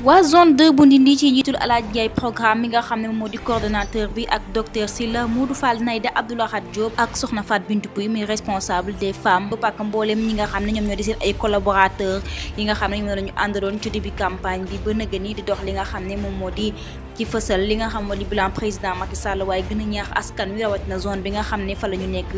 waa zone de bu Ndindi ci njiitul alaaj Ndiaye programme mi nga xam ne moo di coordonnateur bi ak si la docteur Sylla Modou Fall Naïda Abdoulahad Diop ak soxna Fat Bintou Pouy muy responsable des femmes ak mboolem ñi nga xam ne ñoom ñoo di seen ay collaborateur yi nga xam ne ñoom lañu àndaloon ci bi campagne bi ba nëgë nii di dox li nga xam ne moom moo di ci fësal li nga xam moo di bilan président Macky Sall waaye gën a ñaax askan wi na zone bi nga xam ne fa la ñu nekk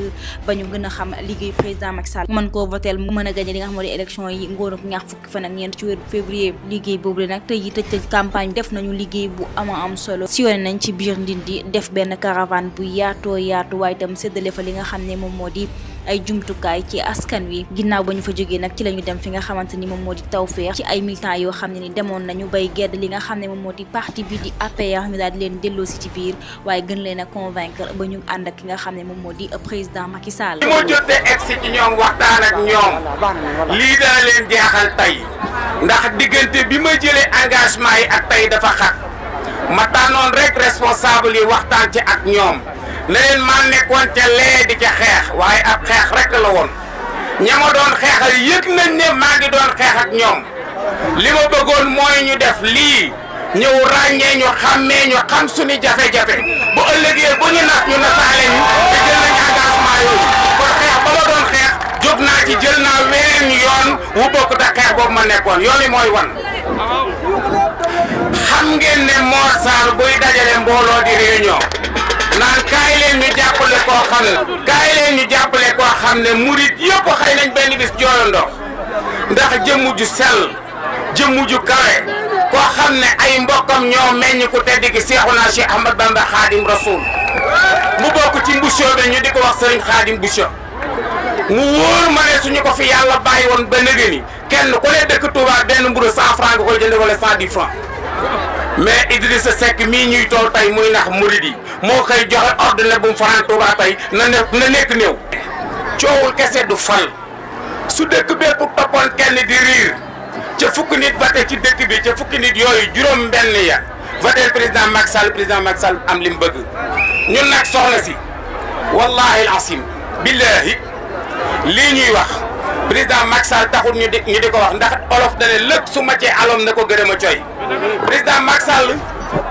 ba ñu gën a xam liggéey président Macky Sall mën koo votel mu mën a gagné li nga xam moo di élection yi ngóor ak ñaax fukki fan ak ñeent ci weeru février liggéey boobu le nag tey yi tëj tëj campagne def nañu liggéey bu ama am solo siyoone nañ ci biir Ndindi def benn caravane bu yaatoo yaatu waaye itam séddale fa li nga xam ne moom moo di ay jumtukaay ci askan wi ginnaaw ba ñu fa jógee nag ci la ñu dem fi nga xamante ni moom moo di tawfeex ci ay militants yoo xam ne ni demoon nañu bay gedd li nga xam ne moom moo di parti bi di APR ñu daal di leen delloo si ci biir waaye gën leen a convaincre ba ñu ànd ak ki nga xam ne moom moo di président Macky Sall. li ma jotee egg si ci ñoom waxtaan ak ñoom lii daa leen jaaxal tey ndax diggante bi ma jëlee engagement yi ak tey dafa xat ma tànnoon rek responsable yi waxtaan ci ak ñoom. ne leen maa nekkoon ca lee di ca xeex waaye ab xeex rek la woon ña ma doon xeexal yëg nañ ne maa ngi doon xeex ak ñoom li ma bëggoon mooy ñu def lii ñëw ràññee ñu xàmmee ñu xam suñu jafe-jafe bu ëllëgee bu ñu nax ñu nasaale te jël nañ engagement yooyu xeex ba ma doon xeex jóg naa ci jël naa weneen yoon wu bokk da xeex boobu ma nekkoon yoon yi mooy wan xam ngeen ne Mor Sarr buy dajale mbooloo di réunion koo xam ne kaay leen ñu jàppale koo xam ne murit yëpp xëy nañ benn bis jooyandoo ndax jëmm ju sell jëmm ju kawe koo xam ne ay mbokkam ñoo meññ ku tedd ki Seexuna Cheikh Ahmad Bamba Xaadim Rasuul mu bokk ci Bousso bi ñu di ko wax sëriñ Xaadim Bousso mu wóor ma ne suñu ko fi yàlla bàyyi woon ba nëgëni kenn ku ne dëkk Touba benn mburu cent franc nga koy jënd wala cent dix franc mais Idrissa Seck mii ñuy tool tey muy nax murid yi moo koy joxe ordre ne bu mu fanaan tey na ne na nekk néew coowul kese du fal su dëkk bépp toppoon kenn di riir ca fukki nit voté ci dëkk bi ca fukki nit yooyu juróom benn ya voté président Macky Sall président Macky Sall am li mu bëgg ñun nag soxna si wallahi asim billahi lii ñuy wax président Macky Sall taxul ñu di ñu di ko wax ndax olof dane lépp su ma cee aloom na ko gërëm a coy président Macky Sall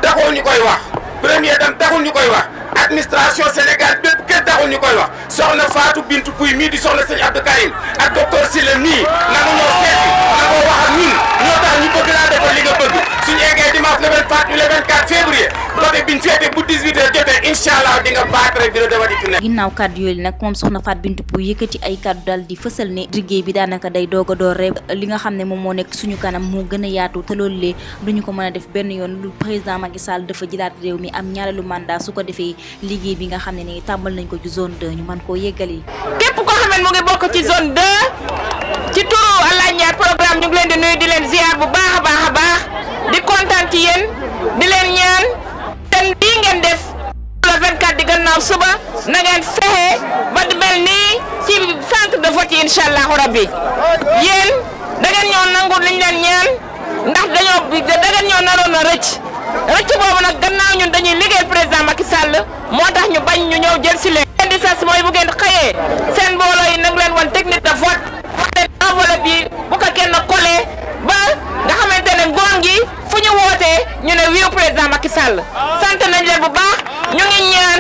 taxul ñu koy wax premier dame taxul ñu koy wax administration Sénégal bépp kenn taxul ñu koy wax soxna Fatou Bintou Pouy mii di soxna sëñ Abdou Karim ak docteur Sylla mii nanu ñoo seeti nangoo wax ak ñun ñoo tax ñu bëgg laa defal li nga bëgg suñu eggee dimanche le 24 le 24 février côté biñ féete bu 18 di nga faat rek dina demati fu nekk. ginnaaw kàddu yooyu nag moom soxna Fatou Bintou Pouye yëkkati ay kàddu daal di fësal ne liggéey bi daanaka day doog a li nga xam ne moom moo nekk suñu kanam moo gën a yaatu te loolu lee duñu ko mën a def benn yoon lu président Macky dafa jëlaat réew mi am ñaareelu mandat su ko defee liggéey bi nga xam ne ni tàmbal nañ ko ci zone 2 ñu mën koo yeggali. képp koo xam ne mu ngi bokk ci zone 2 ci turu Alla Ndiaye programme ñu ngi leen di nuyu allahu rabbi yéen da ngeen ñoo nangul liñ leen ñaan ndax dañoo da ngeen ñoo naroon a rëcc rëcc boobu nag gannaaw ñun dañuy liggéey président Macky Sall moo tax ñu bañ ñu ñëw jël si leen. leen di sas mooy bu xëyee seen mbooloo yi nag leen woon technique de vote wax leen enveloppe yi bu ko kenn coller ba nga xamante ne ngoon fu ñu wootee ñu ne wiiw président Macky Sall sant nañ leen bu baax ñu ngi ñaan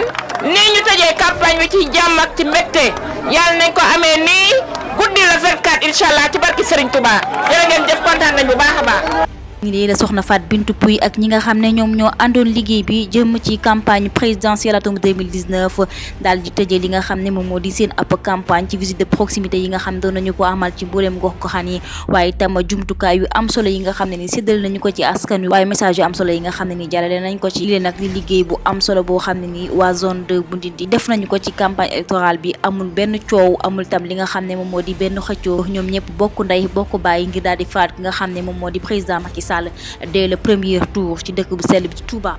nii ñu tëjee campagne bi ci jàmm ak ci mbégte yàlla nañ ko amee nii. guddi la 24 incha allah ci barki Serigne Touba jërë ngeen jëf kontaan nañ bu baax a baax. ngi nii la soxna Fatou Bintou Pouye ak ñi nga xam ne ñoom ñoo àndoon liggéey bi jëm ci campagne présidentielle atum 2019 daal di tëjee li nga xam ne moom moo di seen ab campagne ci visite de proximité yi nga xam doon nañu ko amal ci mbooleem gox goxaan yi am solo yi nga xam ne ni séddal nañu ko ci askan wi waaye message am solo yi nga xam ne ni jàllale ko ci liggéey solo boo xam ne ni waa zone de bu def nañu ko ci campagne électorale bi amul benn coow amul tam li nga xam ne moom moo di benn xëccoo ñoom ñëpp bokk ndey bokk bàyyi ngir daal di faat ki nga xam ne moom moo di président Macky Sall dès le premier tour ci dëkk bu sell bi ci Touba.